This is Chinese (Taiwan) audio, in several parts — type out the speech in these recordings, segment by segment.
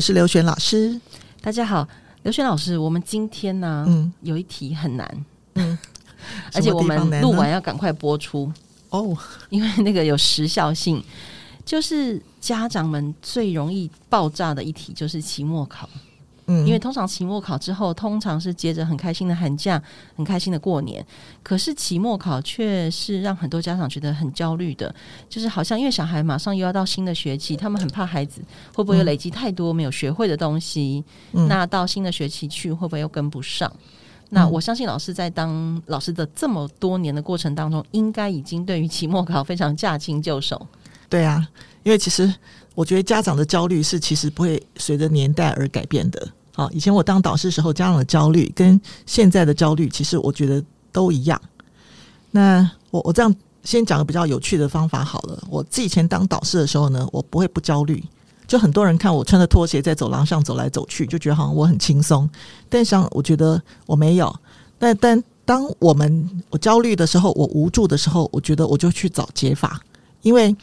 我是劉璿老師，大家好，劉璿老師，我們今天呢、啊，嗯，有一題很難，嗯、難，而且我們錄完要趕快播出哦，因為那個有時效性，就是家長們最容易爆炸的一題就是期末考。因為通常期末考之後，通常是接着很開心的寒假，很開心的過年。可是期末考卻是讓很多家長覺得很焦慮的，就是好像因為小孩馬上又要到新的學期，他們很怕孩子會不會累積太多沒有學會的東西，嗯、那到新的學期去會不會又跟不上？嗯、那我相信老師在當老師的這麼多年的過程當中，應該已經對於期末考非常駕輕就熟。對啊，因為其實我覺得家長的焦慮是其實不會隨着年代而改變的。啊，以前我當導師的時候，家長的焦慮跟現在的焦慮，其實我覺得都一樣。那我我這樣先講個比較有趣的方法好了。我自己以前當導師的時候呢，我不會不焦慮。就很多人看我穿着拖鞋在走廊上走來走去，就覺得好像我很輕鬆。但想我覺得我沒有。那但但當我們我焦慮的時候，我無助的時候，我覺得我就去找解法，因為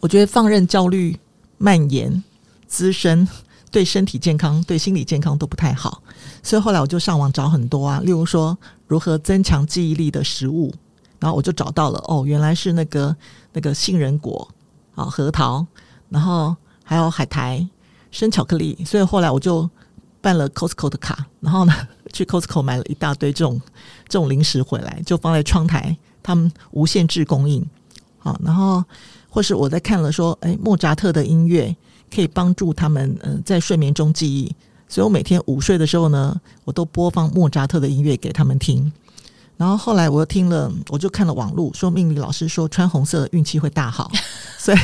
我覺得放任焦慮蔓延滋生。資深對身體健康、對心理健康都不太好，所以後來我就上網找很多啊，例如說如何增強記憶力的食物，然後我就找到了哦，原來是那個那個杏仁果、好、啊、核桃，然後還有海苔、生巧克力，所以後來我就辦了 Costco 的卡，然後呢去 Costco 買了一大堆這種這種零食回來，就放在窗台，他們無限制供應。好、啊，然後或是我在看了說，誒莫扎特的音樂。可以幫助他們嗯，在睡眠中記憶，所以我每天午睡的時候呢，我都播放莫扎特的音樂給他們聽。然後後來我又聽了，我就看了網路，說命理老師說穿紅色運氣會大好。所以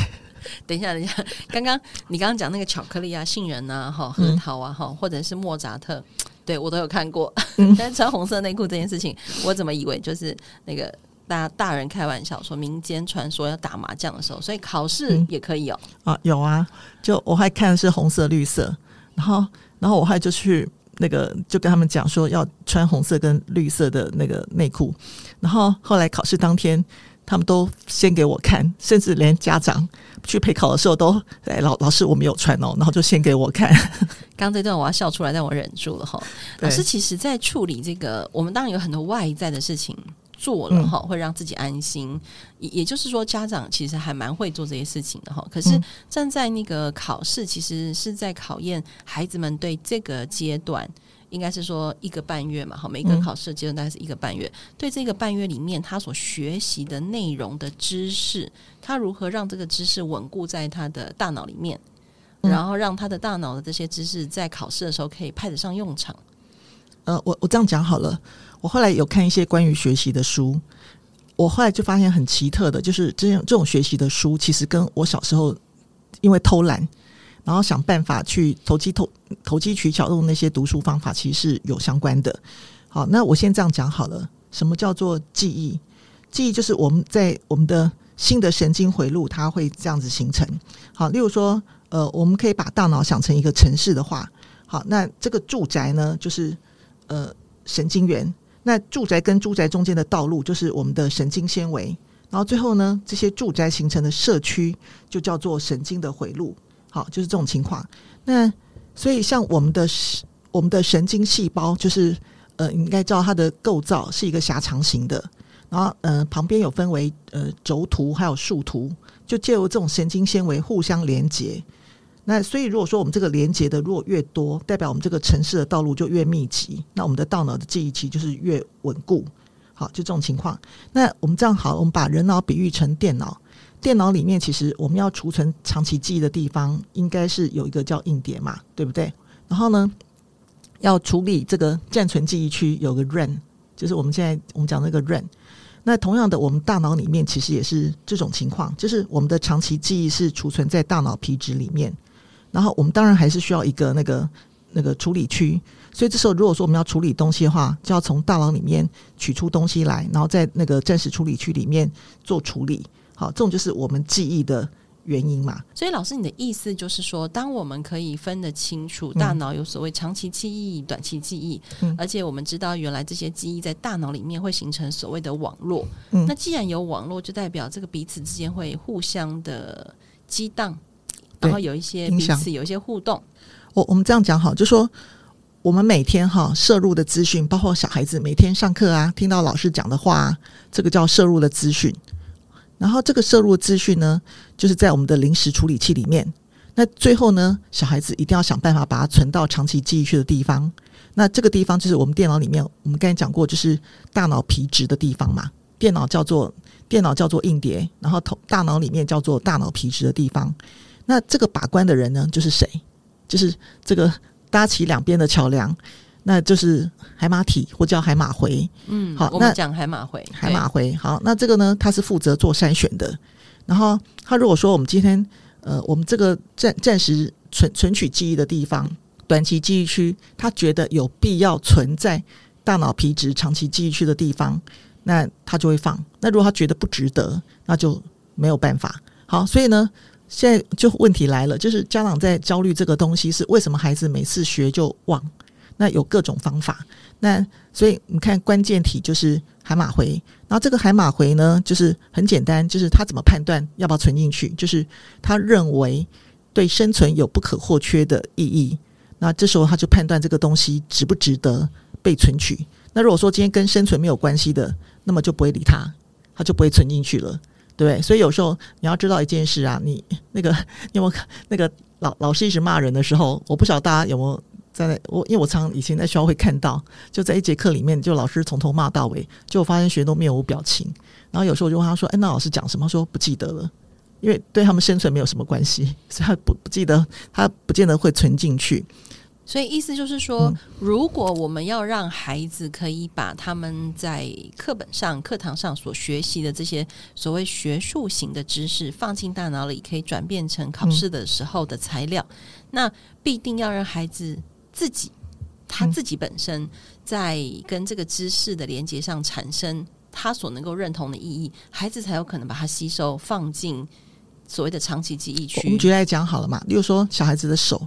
等一下，等一下，剛剛你剛剛講那個巧克力啊、杏仁吶、啊、哈核桃啊、哈、嗯、或者是莫扎特，對我都有看過。嗯、但是穿紅色內褲這件事情，我怎麼以為就是那個？大大人開玩笑說民間傳說要打麻將的時候，所以考試也可以有、喔嗯、啊，有啊。就我還看是紅色、綠色，然後然後我還就去那個就跟他們講說要穿紅色跟綠色的那個內褲，然後後來考試當天他們都先給我看，甚至連家長去陪考的時候都哎、欸、老老師我沒有穿哦、喔，然後就先給我看。剛這段我要笑出來，但我忍住了哈。對老師其實，在處理這個，我們當然有很多外在的事情。做了哈，會讓自己安心。也、嗯、也就是說，家長其實還蠻會做這些事情的哈。可是站在那個考試，其實是在考驗孩子們對這個階段，應該是說一個半月嘛。哈，每個考試的階段大概是一個半月。嗯、對這個半月裡面，他所學習的內容的知識，他如何讓這個知識穩固在他的大腦裡面，然後讓他的大腦的這些知識在考試的時候可以派得上用場。呃，我我這樣講好了。我後來有看一些關於學習的書，我後來就發現很奇特的，就是這種這種學習的書，其實跟我小時候因為偷懶，然後想辦法去投機投投機取巧用那些讀書方法，其實是有相關的。好，那我先這樣講好了。什麼叫做記憶？記憶就是我們在我們的新的神經回路，它會這樣子形成。好，例如說，呃，我們可以把大腦想成一個城市的話，好，那這個住宅呢，就是呃神經元。那住宅跟住宅中間的道路就是我們的神經纖維，然後最後呢，這些住宅形成的社區就叫做神經的回路，好，就是這種情況。那所以像我們的我們的神經細胞，就是呃，應該知道它的構造是一個狹長型的，然後呃，旁邊有分為呃軸突還有樹突，就借由這種神經纖維互相連接。那所以，如果說我們這個連接的如果越多，代表我們這個城市的道路就越密集，那我們的大腦的記憶區就是越穩固。好，就這種情況。那我們這樣好，我們把人腦比喻成電腦，電腦裡面其實我們要儲存長期記憶的地方，應該是有一個叫硬碟嘛，對不對？然後呢，要處理這個暫存記憶區有個 RAM，就是我們現在我們講那個 RAM。那同樣的，我們大腦裡面其實也是這種情況，就是我們的長期記憶是儲存在大腦皮質裡面。然後我們當然還是需要一個那個那個處理區，所以這時候如果說我們要處理東西的話，就要從大腦裡面取出東西來，然後在那個暫時處理區裡面做處理。好，這種就是我們記憶的原因嘛。所以老師，你的意思就是說，當我們可以分得清楚，大腦有所謂長期記憶、嗯、短期記憶，嗯、而且我們知道原來這些記憶在大腦裡面會形成所謂的網絡。嗯、那既然有網絡，就代表這個彼此之間會互相的激盪。然後有一些彼此有一些互動。我、oh, 我們這樣講好，就說我們每天哈攝入的資訊，包括小孩子每天上課啊，聽到老師講的話、啊，這個叫攝入的資訊。然後這個攝入的資訊呢，就是在我們的臨時處理器裡面。那最後呢，小孩子一定要想辦法把它存到長期記憶區的地方。那這個地方就是我們電腦裡面，我們剛才講過，就是大腦皮質的地方嘛。電腦叫做電腦叫做硬碟，然後頭大腦裡面叫做大腦皮質的地方。那這個把關的人呢，就是誰？就是這個搭起兩邊的橋樑，那就是海馬體或叫海馬回。嗯，好，我們，那講海馬回，海馬回。好，那這個呢，他是負責做篩選的。然後，他如果說我們今天，呃，我們這個暫暫時存存取記憶的地方，短期記憶區，他覺得有必要存在大腦皮質長期記憶區的地方，那他就會放。那如果他覺得不值得，那就沒有辦法。好，所以呢，現在就問題來了，就是家長在焦慮這個東西是為什麼孩子每次學就忘？那有各種方法，那所以你看關鍵題就是海馬回，然後這個海馬回呢，就是很簡單，就是他怎麼判斷要不要存進去，就是他認為對生存有不可或缺的意義，那這時候他就判斷這個東西值不值得被存取。那如果說今天跟生存沒有關係的，那麼就不會理他，他就不會存進去了。對，所以有時候你要知道一件事啊，你那個你有沒有那個老老師一直罵人的時候，我不曉得大家有沒有在。我因為我常以前在學校會看到，就在一節課裡面，就老師從頭罵到尾，就發現學生都面無表情。然後有時候我就問他說：“哎，那老師講什麼？”說不記得了，因為對他們生存沒有什麼關係，所以他不不記得，他不見得會存進去。所以意思就是說，如果我們要讓孩子可以把他們在課本上、課堂上所學習的這些所謂學術型的知識放進大腦裡，可以轉變成考試的時候的材料，嗯、那必定要讓孩子自己他自己本身在跟這個知識的連接上產生他所能夠認同的意義，孩子才有可能把它吸收放進所謂的長期記憶區。我們覺得例講好了嘛？例如說，小孩子的手。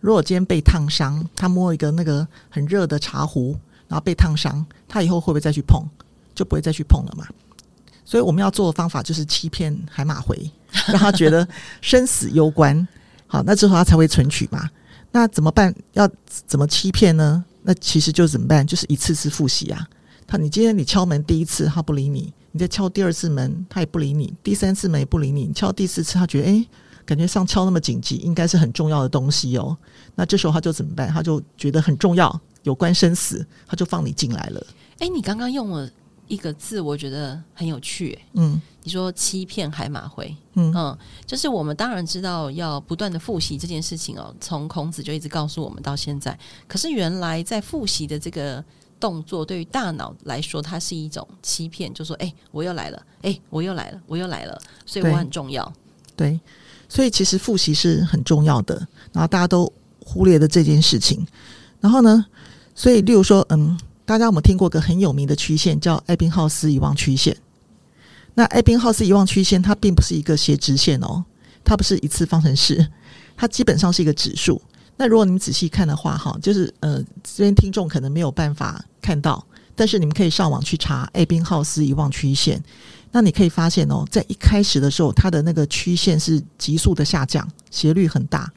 如果今天被燙傷，他摸一個那個很熱的茶壺，然後被燙傷，他以後會不會再去碰？就不會再去碰了嘛。所以我們要做的方法就是欺騙海馬回，讓他覺得生死攸關。 好，那之後他才會存取嘛。那怎麼辦？要怎麼欺騙呢？那其實就怎麼辦？就是一次次複習啊。他，你今天你敲門第一次他不理你，你再敲第二次門他也不理你，第三次門也不理你，你敲第四次他覺得誒。欸感覺上敲那麼緊急，應該是很重要的東西哦。那這時候他就怎麼辦？他就覺得很重要，有關生死，他就放你進來了。哎，你剛剛用了一個字，我覺得很有趣欸。嗯，你說欺騙海馬回，嗯，嗯，就是我們當然知道要不斷的複習這件事情哦。從孔子就一直告訴我們到現在。可是原來在複習的這個動作，對於大腦來說，它是一種欺騙，就說：哎，我又來了，哎，我又來了，我又來了，所以我很重要。對。對所以其實複習是很重要的，然後大家都忽略了這件事情。然後呢，所以例如說，嗯，大家有沒有聽過一個很有名的曲線叫艾賓浩斯遺忘曲線？那艾賓浩斯遺忘曲線它並不是一個斜直線哦，它不是一次方程式，它基本上是一個指數。那如果你們仔細看的話，哈，就是呃，這邊聽眾可能沒有辦法看到，但是你們可以上網去查艾賓浩斯遺忘曲線。那你可以發現哦，在一開始的時候，它的那個曲線是急速的下降，斜率很大。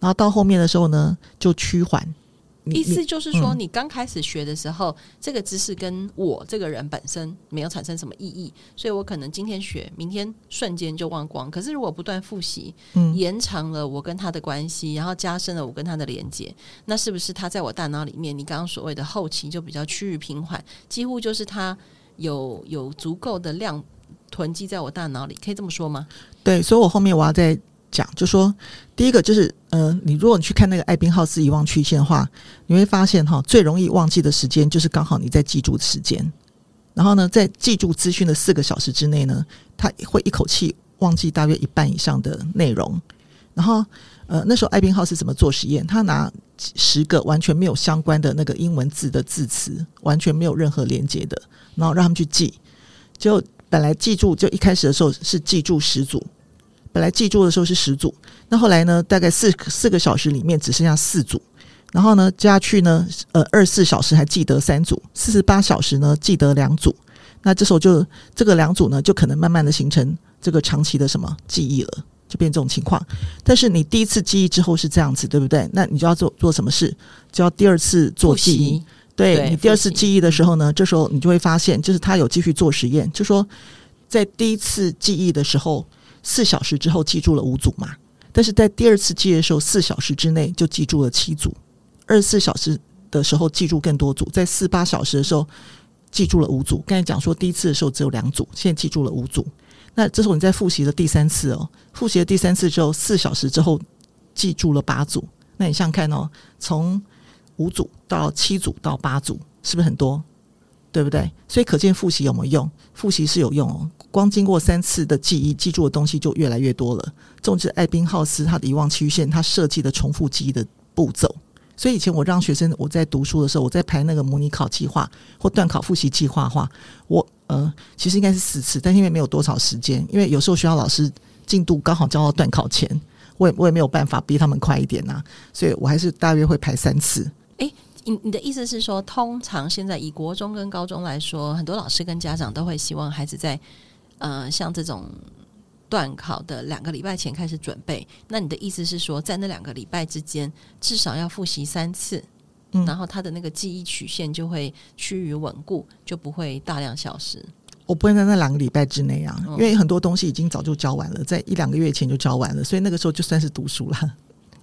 然後到後面的時候呢，就趨緩。意思就是說，嗯、你剛開始學的時候，這個知識跟我這個人本身沒有產生什麼意義，所以我可能今天學，明天瞬間就忘光。可是如果不斷複習，嗯、延長了我跟他的關係，然後加深了我跟他的連接，那是不是他在我大腦裡面，你剛剛所謂的後期就比較趨於平緩，幾乎就是他。有有足夠的量囤積在我大腦裡，可以這麼說嗎？對，所以我後面我要再講，就說第一個就是，呃，你如果你去看那個艾賓浩斯遺忘曲線的話，你會發現哈，最容易忘記的時間就是剛好你在記住的時間。然後呢，在記住資訊的四個小時之內呢，他會一口氣忘記大約一半以上的內容。然後，呃，那時候艾賓浩斯怎麼做實驗？他拿。十個完全沒有相關的那個英文字的字詞，完全沒有任何連接的，然後讓他們去記。就本來記住，就一開始的時候是記住十組，本來記住的時候是十組。那後來呢，大概四四個小時裡面只剩下四組，然後呢，接下去呢，呃，二十四小時還記得三組，四十八小時呢記得兩組。那這時候就這個兩組呢，就可能慢慢的形成這個長期的什麼記憶了。變這種情況，但是你第一次記憶之後是這樣子，對不對？那你就要做做什麼事？就要第二次做記憶。習對，對你第二次記憶的時候呢，對這時候你就會發現，習就是他有繼續做實驗，就說在第一次記憶的時候，四小時之後記住了五組嘛，但是在第二次記憶的時候，四小時之內就記住了七組，二十四小時的時候記住更多組，在四八小時的時候記住了五組。剛才講說第一次的時候只有兩組，現在記住了五組。那這是我們在複習的第三次哦，複習的第三次之後，四小時之後記住了八組。那你想想看哦，從五組到七組到八組，是不是很多？對不對？所以可見複習有沒有用？複習是有用哦，光經過三次的記憶，記住的東西就越來越多了。總之，艾賓浩斯他的遺忘曲線，他設計的重複記憶的步驟。所以以前我讓學生我在讀書的時候，我在排那個模擬考計劃或段考複習計劃的話，我呃其實應該是四次，但因為沒有多少時間，因為有時候學校老師進度剛好教到段考前，我也我也沒有辦法逼他們快一點吶、啊，所以我還是大約會排三次。誒，你你的意思是說，通常現在以國中跟高中來說，很多老師跟家長都會希望孩子在呃像這種。段考的兩個禮拜前開始準備，那你的意思是說，在那兩個禮拜之間，至少要複習三次，嗯、然後他的那個記憶曲線就會趨於穩固，就不會大量消失。我不會在那兩個禮拜之內啊，嗯、因為很多東西已經早就教完了，在一兩個月前就教完了，所以那個時候就算是讀書了。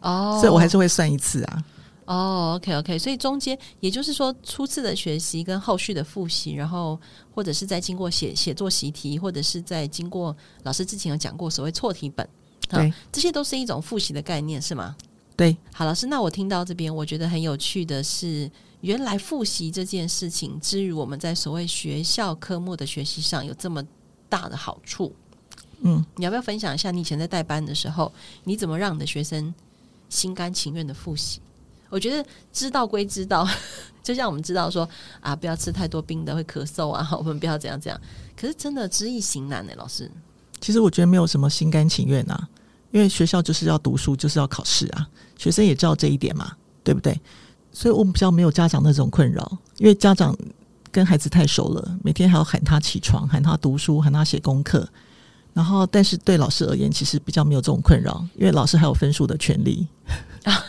哦，所以我還是會算一次啊。哦、oh,，OK，OK，、okay, okay. 所以中間也就是說，初次的學習跟後續的複習，然後或者是在經過寫寫作習題，或者是在經過老師之前有講過所謂錯題本，對，這些都是一種複習的概念，是嗎？對，好，老師，那我聽到這邊，我覺得很有趣的是，原來複習這件事情，之於我們在所謂學校科目的學習上有這麼大的好處，嗯，嗯，你要不要分享一下你以前在帶班的時候，你怎麼讓你的學生心甘情願的複習？我覺得知道歸知道，就像我們知道說啊，不要吃太多冰的會咳嗽啊，我們不要怎樣怎樣。可是真的知易行難呢，欸，老師。其實我覺得沒有什麼心甘情願啊，因為學校就是要讀書，就是要考試啊。學生也知道這一點嘛，對不對？所以我們比較沒有家長那種困擾，因為家長跟孩子太熟了，每天還要喊他起床，喊他讀書，喊他寫功課。然後，但是對老師而言，其實比較沒有這種困擾，因為老師還有分數的權利啊。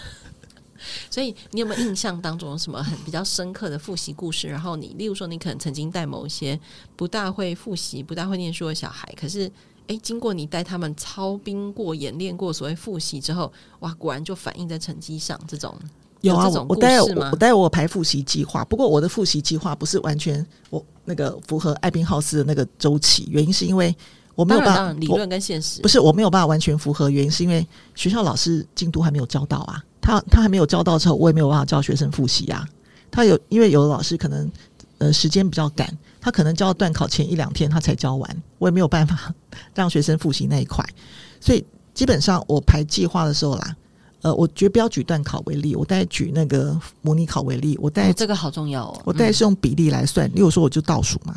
所以，你有沒有印象當中有什麼很比較深刻的複習故事？然後你，你例如說，你可能曾經帶某一些不大會複習、不大會唸書的小孩，可是，誒、欸，經過你帶他們操兵過、演練過所謂複習之後，哇，果然就反映在成績上。這種有啊，這種故事嗎？啊，我待會我，我排複習計劃，不過我的複習計劃不是完全我那個符合艾賓浩斯的那個週期，原因是因為。我沒有辦法，理論跟現實不是，我沒有辦法完全符合，原因是因為學校老師進度還沒有教到啊，他他還沒有教到之後，我也沒有辦法教學生複習呀。他有因為有的老師可能呃時間比較趕，他可能教到段考前一兩天，他才教完，我也沒有辦法讓學生複習那一塊。所以基本上我排計劃的時候啦，呃，我絕不要舉段考為例，我再舉那個模擬考為例，我帶這個好重要哦，我帶是用比例來算，例如說我就倒數嘛。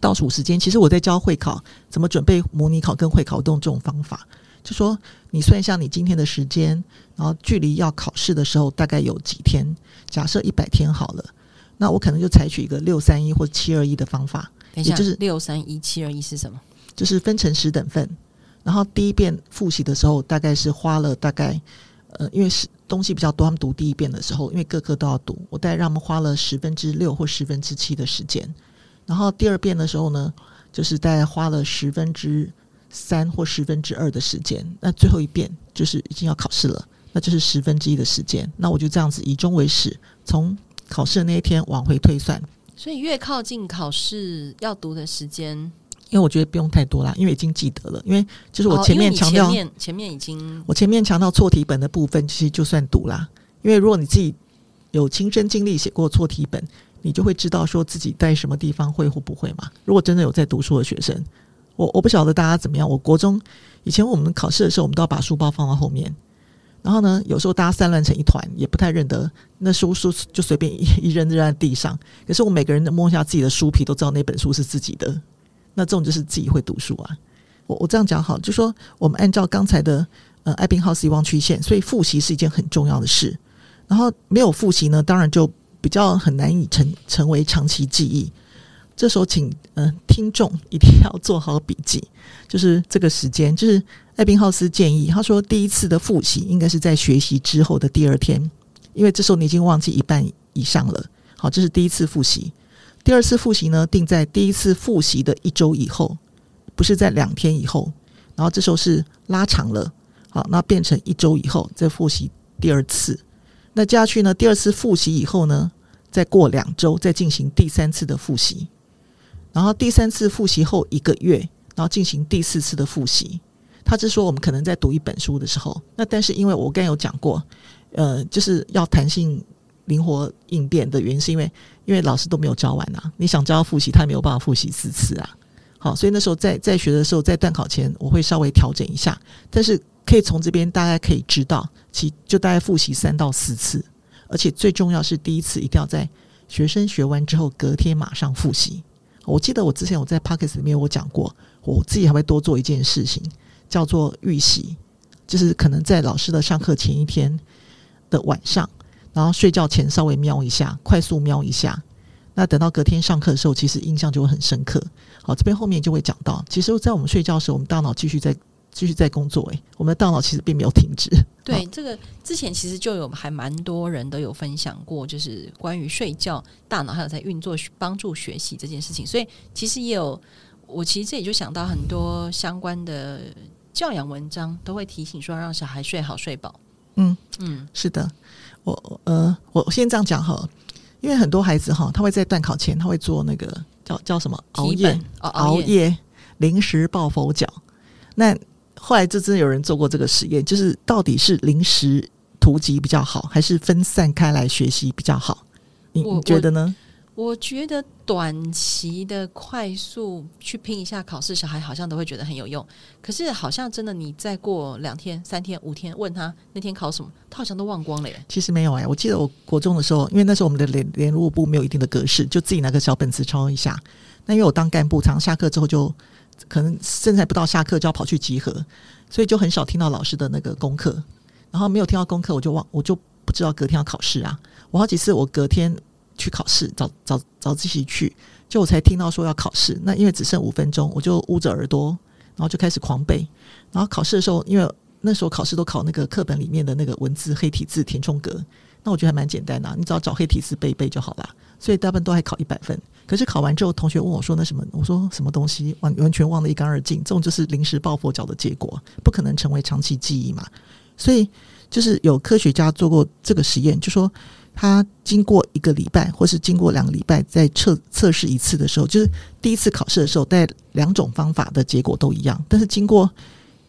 倒數時間，其實我在教會考怎麼準備模擬考跟會考，都用這種方法，就說你算一下你今天的時間，然後距離要考試的時候大概有幾天？假設一百天好了，那我可能就採取一個六三一或七二一的方法，等一下也就是六三一七二一是什麼？就是分成十等份，然後第一遍複習的時候大概是花了大概呃，因為是東西比較多，他們讀第一遍的時候，因為各科都要讀，我大概讓他們花了十分之六或十分之七的時間。然後第二遍的時候呢，就是大概花了十分之三或十分之二的時間。那最後一遍就是已經要考試了，那就是十分之一的時間。那我就這樣子以終為始，從考試的那一天往回推算。所以越靠近考試要讀的時間，因為我覺得不用太多啦，因為已經記得了。因為就是我前面強調，哦、前面、前面已經我前面強調錯題本的部分，其實、就是、就算讀啦。因為如果你自己有親身經歷寫過錯題本。你就會知道說自己在什麼地方會或不會嘛。如果真的有在讀書的學生，我我不曉得大家怎麼樣。我國中以前我們考試的時候，我們都要把書包放到後面，然後呢，有時候大家散亂成一團，也不太認得那書書就隨便一一扔扔在地上。可是我每個人摸一下自己的書皮，都知道那本書是自己的。那這種就是自己會讀書啊。我我這樣講好，就說我們按照剛才的呃艾賓浩斯遺忘曲線，所以複習是一件很重要的事。然後沒有複習呢，當然就。比較很難以成成為長期記憶，這時候請嗯、呃、聽眾一定要做好筆記，就是這個時間，就是艾賓浩斯建議，他說第一次的複習應該是在學習之後的第二天，因為這時候你已經忘記一半以上了。好，這是第一次複習，第二次複習呢定在第一次複習的一周以後，不是在兩天以後，然後這時候是拉長了，好，那變成一周以後再複習第二次。那接下去呢？第二次複習以後呢？再過兩週，再進行第三次的複習。然後第三次複習後一個月，然後進行第四次的複習。他是說我們可能在讀一本書的時候，那但是因為我剛有講過，呃，就是要彈性、靈活應變的原因，是因為因為老師都沒有教完啊。你想教複習，他也沒有辦法複習四次啊。好，所以那時候在在學的時候，在段考前，我會稍微調整一下。但是可以從這邊，大家可以知道。其就大概複習三到四次，而且最重要是第一次一定要在學生學完之後隔天馬上複習。我記得我之前我在 Podcast 裡面我講過，我自己還會多做一件事情叫做預習，就是可能在老師的上課前一天的晚上，然後睡覺前稍微瞄一下，快速瞄一下。那等到隔天上課的時候，其實印象就會很深刻。好，這邊後面就會講到，其實，在我們睡覺的時候，我們大腦繼續在。繼續在工作誒、欸，我們的大腦其實並沒有停止。哦、對，這個之前其實就有還蠻多人都有分享過，就是關於睡覺，大腦還有在運作幫助學習這件事情。所以其實也有我其實這也就想到很多相關的教養文章都會提醒說，讓小孩睡好睡飽。嗯嗯，嗯，是的。我呃，我先這樣講好了，因為很多孩子哈，他會在段考前，他會做那個叫叫什麼熬夜、哦、熬夜臨時抱佛腳那。後來就真的有人做過這個實驗，就是到底是臨時突擊比較好，還是分散開來學習比較好？你我你覺得呢？我，我覺得短期的快速去拼一下考試，小孩好像都會覺得很有用。可是好像真的，你再過兩天、三天、五天，問他那天考什麼，他好像都忘光了耶。其實沒有誒、欸，我記得我國中的時候，因為那時候我們的聯聯絡簿沒有一定的格式，就自己拿個小本子抄一下。那因為我當幹部，常常下課之後就。可能現在不到下課就要跑去集合，所以就很少聽到老師的那個功課，然後沒有聽到功課，我就忘，我就不知道隔天要考試啊。我好幾次我隔天去考試，早早早自習去，就我才聽到說要考試。那因為只剩五分鐘，我就捂着耳朵，然後就開始狂背。然後考試的時候，因為那時候考試都考那個課本裡面的那個文字黑體字填充格，那我覺得還蠻簡單的，你只要找黑體字背一背就好了。所以大部分都還考一百分。可是考完之後，同學問我說：“那什麼？”我說：“什麼東西？”完完全忘得一乾二淨。這種就是臨時抱佛腳的結果，不可能成為長期記憶嘛。所以，就是有科學家做過這個實驗，就說他經過一個禮拜，或是經過兩個禮拜，在測測試一次的時候，就是第一次考試的時候，帶兩種方法的結果都一樣。但是經過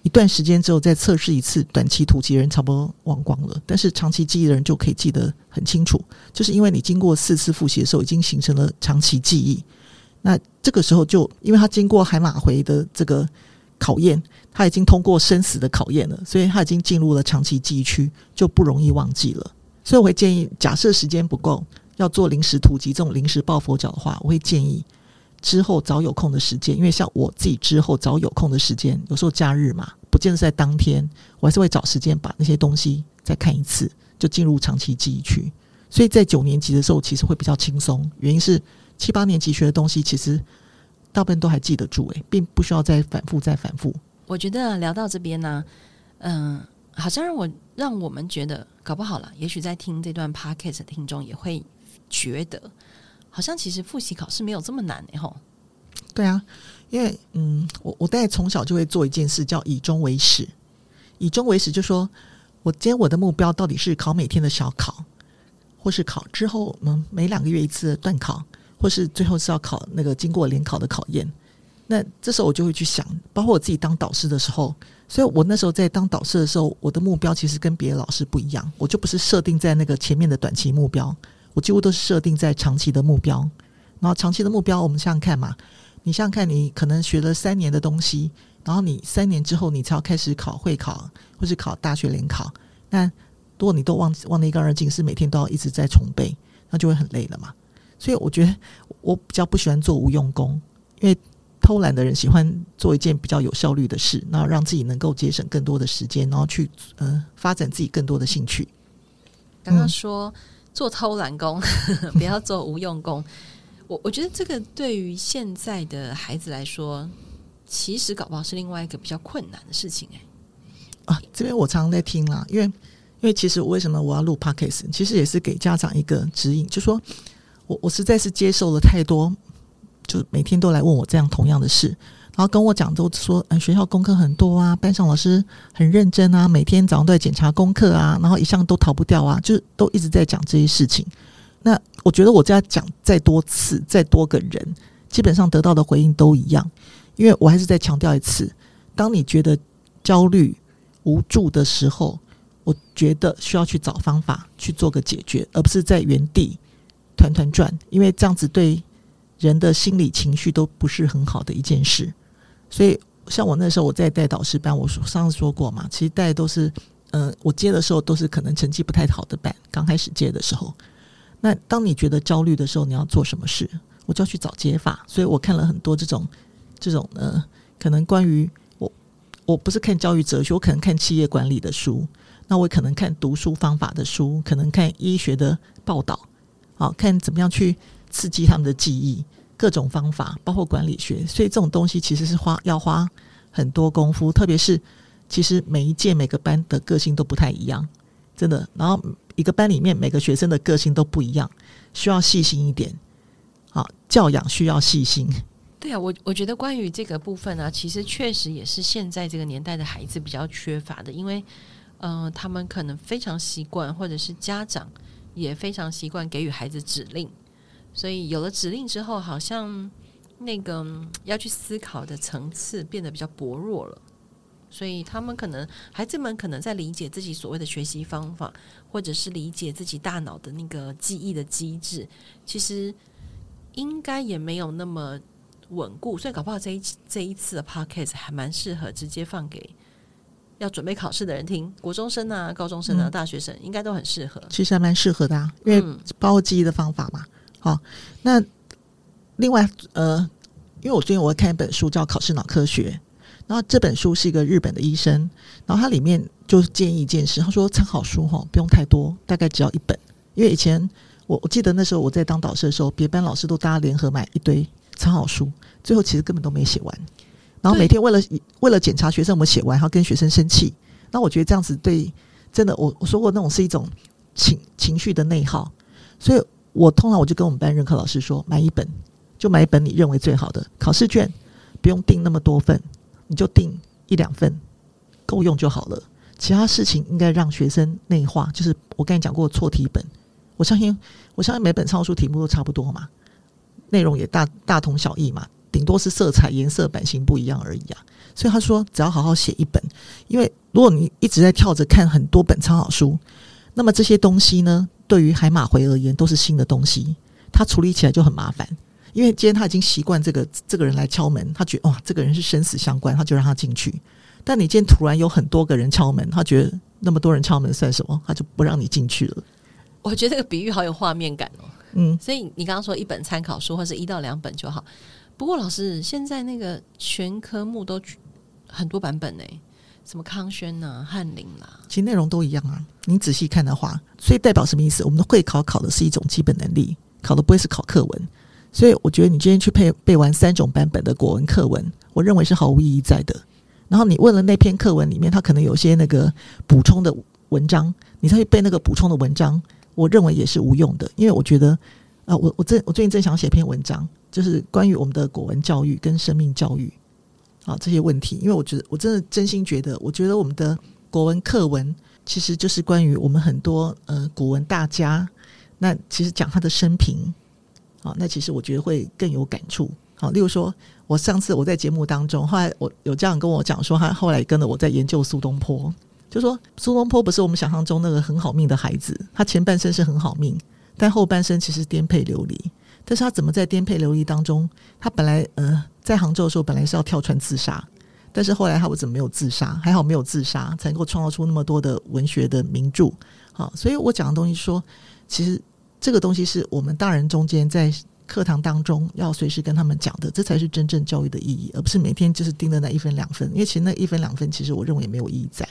一段時間之後再測試一次，短期突擊的人差不多忘光了，但是長期記憶的人就可以記得很清楚。就是因為你經過四次複習的時候，已經形成了長期記憶，那這個時候就因為他經過海馬回的這個考驗，他已經通過生死的考驗了，所以他已經進入了長期記憶區，就不容易忘記了。所以我會建議，假設時間不夠要做臨時突擊這種臨時抱佛腳的話，我會建議。之後早有空的時間，因為像我自己之後早有空的時間，有時候假日嘛，不見得是在當天，我還是會找時間把那些東西再看一次，就進入長期記憶區。所以在九年級的時候，其實會比較輕鬆，原因是七八年級學的東西其實大部分都還記得住，欸，誒，並不需要再反複再反複。我覺得聊到這邊呢，啊，嗯，好像讓我讓我們覺得搞不好了，也許在聽這段 podcast 的聽眾也會覺得，好像其實複習考試沒有這麼難哎吼，哦、對啊，因為嗯，我我大概從小就會做一件事，叫以終為始。以終為始，就說，我今天我的目標到底是考每天的小考，或是考之後我們、嗯、每兩個月一次的段考，或是最後是要考那個經過聯考的考驗。那這時候我就會去想，包括我自己當導師的時候，所以我那時候在當導師的時候，我的目標其實跟別的老師不一樣，我就不是設定在那個前面的短期目標，我幾乎都是設定在長期的目標，然後長期的目標，我們想想看嘛，你想想看，你可能學了三年的東西，然後你三年之後你才要開始考會考或是考大學聯考，那如果你都忘忘得一乾二淨，是每天都要一直在重背，那就會很累了嘛。所以我覺得我比較不喜歡做無用功，因為偷懶的人喜歡做一件比較有效率的事，那讓自己能夠節省更多的時間，然後去嗯、呃、發展自己更多的興趣。剛剛說。嗯做偷懶工，不要做無用功。我我覺得這個對於現在的孩子來說，其實搞不好是另外一個比較困難的事情，欸。誒啊，這邊我常常在聽啦，因為因為其實為什麼我要錄 p a d k a s，其實也是給家長一個指引，就說，我我實在是接受了太多，就每天都來問我這樣同樣的事。然後跟我講，都說，嗯，學校功課很多啊，班上老師很認真啊，每天早上都在檢查功課啊，然後一向都逃不掉啊，就是都一直在講這些事情。那我覺得我這樣講再多次，再多個人，基本上得到的回應都一樣。因為我還是在強調一次，當你覺得焦慮無助的時候，我覺得需要去找方法去做個解決，而不是在原地團團轉，因為這樣子對人的心理情緒都不是很好的一件事。所以，像我那時候我在帶導師班，我上次說過嘛，其實帶的都是，嗯、呃，我接的時候都是可能成績不太好的班，剛開始接的時候。那當你覺得焦慮的時候，你要做什麼事？我就要去找解法。所以我看了很多這種這種呃，可能關於我我不是看教育哲學，我可能看企業管理的書，那我可能看讀書方法的書，可能看醫學的報道，啊，看怎麼樣去刺激他們的記憶。各種方法，包括管理學，所以這種東西其實是花要花很多功夫。特別是，其實每一屆每個班的個性都不太一樣，真的。然後一個班裡面每個學生的個性都不一樣，需要細心一點。啊，教養需要細心。對啊，我我覺得關於這個部分呢，啊，其實確實也是現在這個年代的孩子比較缺乏的，因為嗯，呃，他們可能非常習慣，或者是家長也非常習慣給予孩子指令。所以有了指令之後，好像那個要去思考的層次變得比較薄弱了。所以他們可能孩子們可能在理解自己所謂的學習方法，或者是理解自己大腦的那個記憶的機制，其實應該也沒有那麼穩固。所以搞不好這一這一次的 podcast 還蠻適合直接放給要準備考試的人聽，國中生啊、高中生啊、大學生、嗯、應該都很適合。其實還蠻適合的啊，因為包括記憶的方法嘛。嗯好，那另外呃，因為我最近我在看一本書叫《考試腦科學》，然後這本書是一個日本的醫生，然後他裡面就建議一件事，他說，參考書哈不用太多，大概只要一本。因為以前我我記得那時候我在當導師的時候，別班老師都大家聯合買一堆參考書，最後其實根本都沒寫完，然後每天為了對為了檢查學生有沒有寫完，然後跟學生生氣。那我覺得這樣子對真的，我我說過那種是一種情情緒的內耗，所以。我通常我就跟我們班任課老師說，買一本就買一本你認為最好的考試卷，不用訂那麼多份，你就訂一兩份夠用就好了。其他事情應該讓學生內化。就是我剛才講過錯題本，我相信我相信每本參考書題目都差不多嘛，內容也大大同小異嘛，頂多是色彩、顏色、版型不一樣而已啊。所以他說，只要好好寫一本，因為如果你一直在跳着看很多本參考書，那麼這些東西呢？對於海馬回而言都是新的東西，他處理起來就很麻煩。因為今天他已經習慣這個這個人來敲門，他覺得哇，這個人是生死相關，他就讓他進去。但你今天突然有很多個人敲門，他覺得那麼多人敲門算什麼？他就不讓你進去了。我覺得這個比喻好有畫面感哦。嗯，所以你剛剛說一本參考書或是一到兩本就好。不過老師，現在那個全科目都很多版本呢。什麼康軒呢、啊？翰林啦、啊，其實內容都一樣啊。你仔細看的話，所以代表什麼意思？我們的會考考的是一種基本能力，考的不會是考課文。所以我覺得你今天去背背完三種版本的國文課文，我認為是毫無意義在的。然後你問了那篇課文裡面，它可能有些那個補充的文章，你再去背那個補充的文章，我認為也是無用的。因為我覺得，啊、呃，我我最我最近正想寫一篇文章，就是關於我們的國文教育跟生命教育。啊，這些問題，因為我覺得我真的真心覺得，我覺得我們的國文課文其實就是關於我們很多呃古文大家，那其實講他的生平，啊，那其實我覺得會更有感觸。好，例如說我上次我在節目當中，後來我有這樣跟我講說，他後來跟了我在研究蘇東坡，就說蘇東坡不是我們想象中那個很好命的孩子，他前半生是很好命，但後半生其實顛沛流離。但是他怎麼在顛沛流離當中？他本來，嗯、呃，在杭州的時候本來是要跳船自殺，但是後來他為什麼沒有自殺？還好沒有自殺，才能夠創造出那麼多的文學的名著。好、哦，所以我講的東西說，其實這個東西是我們大人中間在課堂當中要隨時跟他們講的，這才是真正教育的意義，而不是每天就是盯着那一分兩分。因為其實那一分兩分，其實我認為也沒有意義在。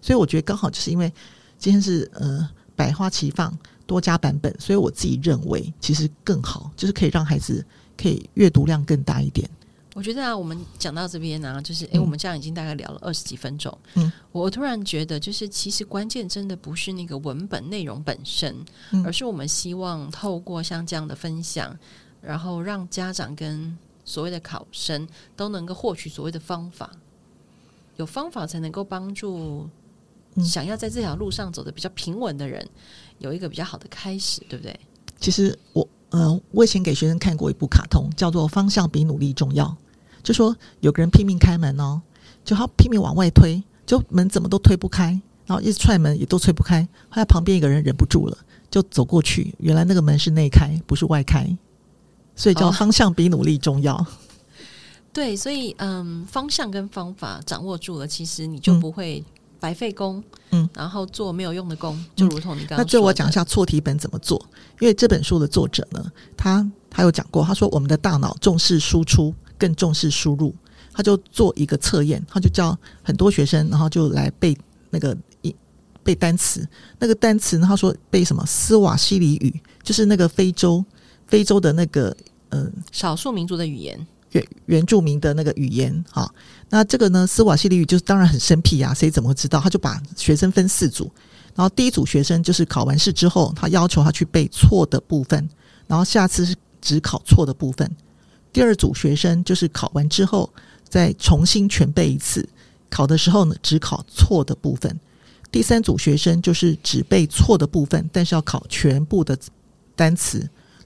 所以我覺得剛好就是因為今天是呃百花齊放。多加版本，所以我自己認為其實更好，就是可以讓孩子可以閱讀量更大一點。我覺得啊，我們講到這邊呢、啊，就是誒、欸，我們這樣已經大概聊了二十幾分鐘。嗯，我突然覺得，就是其實關鍵真的不是那個文本內容本身，嗯、而是我們希望透過像這樣的分享，然後讓家長跟所謂的考生都能夠獲取所謂的方法，有方法才能夠幫助想要在這條路上走得比較平穩的人。嗯有一個比較好的開始，對不對？其實我，嗯、呃，我以前給學生看過一部卡通，叫做《方向比努力重要》。就說有個人拼命開門哦、喔，就他拼命往外推，就門怎麼都推不開，然後一直踹門也都推不開。後來旁邊一個人忍不住了，就走過去，原來那個門是內開，不是外開，所以叫方向比努力重要。哦、對，所以嗯，方向跟方法掌握住了，其實你就不會、嗯。白費功，嗯，然後做沒有用的功，嗯、就如同你剛、嗯、那最後我講一下錯題本怎麼做。因為這本書的作者呢，他他有講過，他說我們的大腦重視輸出，更重視輸入。他就做一個測驗，他就叫很多學生，然後就來背那個一背單詞，那個單詞呢，他說背什麼斯瓦西里語，就是那個非洲非洲的那個嗯、呃、少數民族的語言。原原住民的那個語言啊，那這個呢，斯瓦西裡語就是當然很生僻呀、啊，誰怎麼會知道？他就把學生分四組，然後第一組學生就是考完試之後，他要求他去背錯的部分，然後下次是只考錯的部分；第二組學生就是考完之後再重新全背一次，考的時候呢只考錯的部分；第三組學生就是只背錯的部分，但是要考全部的單詞；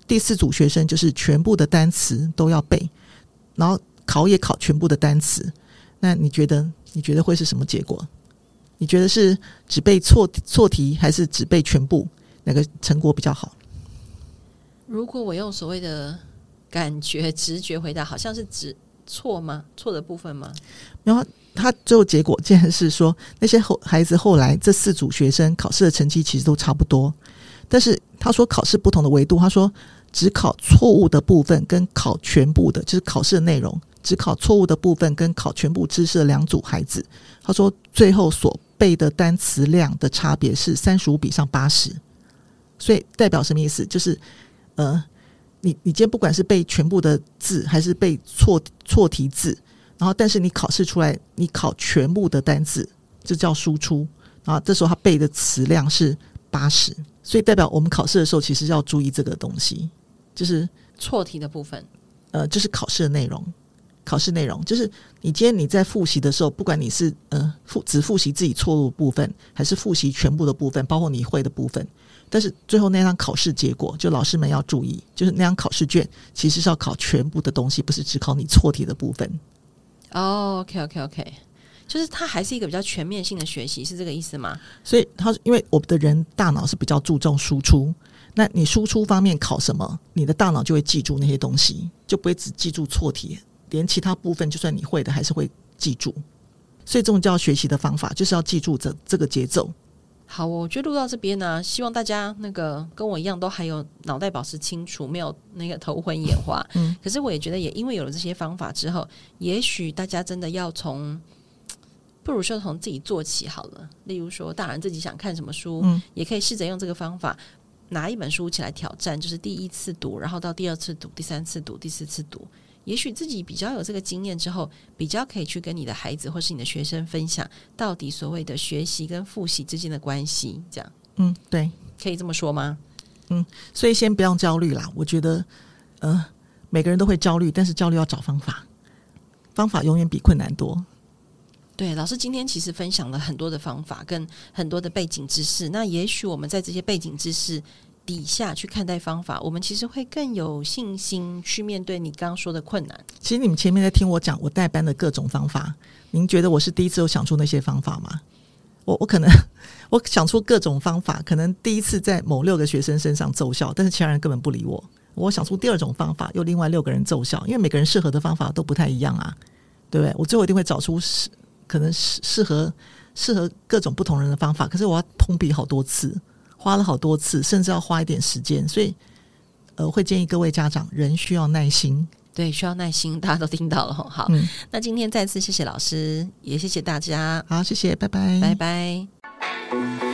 第四組學生就是全部的單詞都要背。然後考也考全部的單詞，那你覺得你覺得會是什麼結果？你覺得是只背錯錯題，還是只背全部？哪個成果比較好？如果我用所謂的感覺直覺回答，好像是指錯嗎？錯的部分嗎？然後他，他最後結果竟然是說，那些後孩子後來這四組學生考試的成績其實都差不多，但是他說考試不同的維度，他說。只考錯誤的部分跟考全部的，就是考試的內容，只考錯誤的部分跟考全部知識的兩組孩子，他說最後所背的單詞量的差別是三十五比上八十，所以代表什麼意思？就是呃，你你今天不管是背全部的字還是背錯錯題字，然後但是你考試出來你考全部的單字，這叫輸出啊。然後這時候他背的詞量是八十，所以代表我們考試的時候其實要注意這個東西。就是錯題的部分，呃，就是考試的內容。考試內容就是你今天你在複習的時候，不管你是嗯複、呃、只複習自己錯誤的部分，還是複習全部的部分，包括你會的部分。但是最後那張考試結果，就老師們要注意，就是那張考試卷其實是要考全部的東西，不是只考你錯題的部分。哦、oh，OK，OK，OK，okay, okay, okay. 就是它還是一個比較全面性的學習，是這個意思嗎？所以它因為我們的人大腦是比較注重輸出。那你輸出方面考什麼，你的大腦就會記住那些東西，就不會只記住錯題，連其他部分就算你會的還是會記住。所以這種叫學習的方法，就是要記住這這個節奏。好、哦，我覺得錄到這邊呢、啊，希望大家那個跟我一樣都還有腦袋保持清楚，沒有那個頭昏眼花。 嗯，可是我也覺得，也因為有了這些方法之後，也許大家真的要從，不如說從自己做起好了。例如說，大人自己想看什麼書，嗯，也可以試着用這個方法。拿一本書起來挑戰，就是第一次讀，然後到第二次讀，第三次讀，第四次讀。也許自己比較有這個經驗之後，比較可以去跟你的孩子或是你的學生分享，到底所謂的學習跟複習之間的關係。這樣，嗯，對，可以這麼說嗎？嗯，所以先不用焦慮啦。我覺得，嗯、呃，每個人都會焦慮，但是焦慮要找方法，方法永遠比困難多。對，老師今天其實分享了很多的方法，跟很多的背景知識。那也許我們在這些背景知識底下去看待方法，我們其實會更有信心去面對你剛剛說的困難。其實你們前面在聽我講我帶班的各種方法，您覺得我是第一次有想出那些方法嗎？我我可能我想出各種方法，可能第一次在某六個學生身上奏效，但是其他人根本不理我。我想出第二種方法，又另外六個人奏效，因為每個人適合的方法都不太一樣啊，對不對？我最後一定會找出可能適合適合各種不同人的方法，可是我要通筆好多次，花了好多次，甚至要花一點時間，所以呃，會建議各位家長人需要耐心，對，需要耐心，大家都聽到了，好，嗯，那今天再次謝謝老師，也謝謝大家，好，謝謝，拜拜，拜拜。